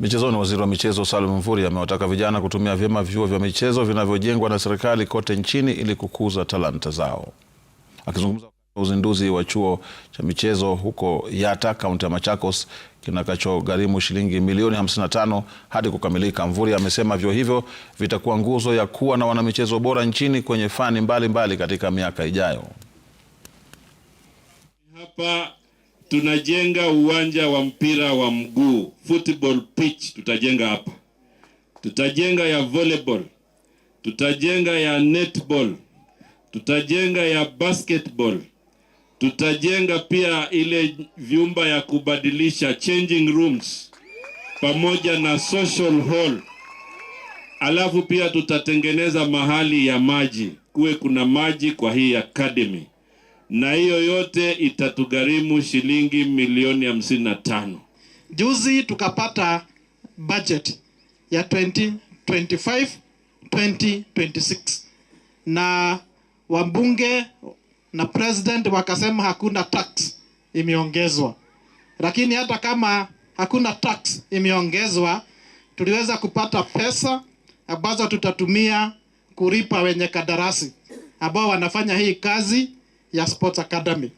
Michezoni, waziri wa michezo Salim Mvurya amewataka vijana kutumia vyema vyuo vya michezo vinavyojengwa na serikali kote nchini ili kukuza talanta zao. Akizungumza uzinduzi wa chuo cha michezo huko yata kaunti ya Machakos kinakachogharimu shilingi milioni 55 hadi kukamilika, Mvurya amesema vyuo hivyo vitakuwa nguzo ya kuwa na wanamichezo bora nchini kwenye fani mbalimbali mbali katika miaka ijayo. Hapa tunajenga uwanja wa mpira wa mguu football pitch, tutajenga hapa, tutajenga ya volleyball, tutajenga ya netball, tutajenga ya basketball, tutajenga pia ile vyumba ya kubadilisha changing rooms, pamoja na social hall. Alafu pia tutatengeneza mahali ya maji, kuwe kuna maji kwa hii academy na hiyo yote itatugharimu shilingi milioni hamsini na tano. Juzi tukapata budget ya 2025 2026 na wabunge na president wakasema hakuna tax imeongezwa, lakini hata kama hakuna tax imeongezwa, tuliweza kupata pesa ambazo tutatumia kulipa wenye kadarasi ambao wanafanya hii kazi. Your Sports Academy.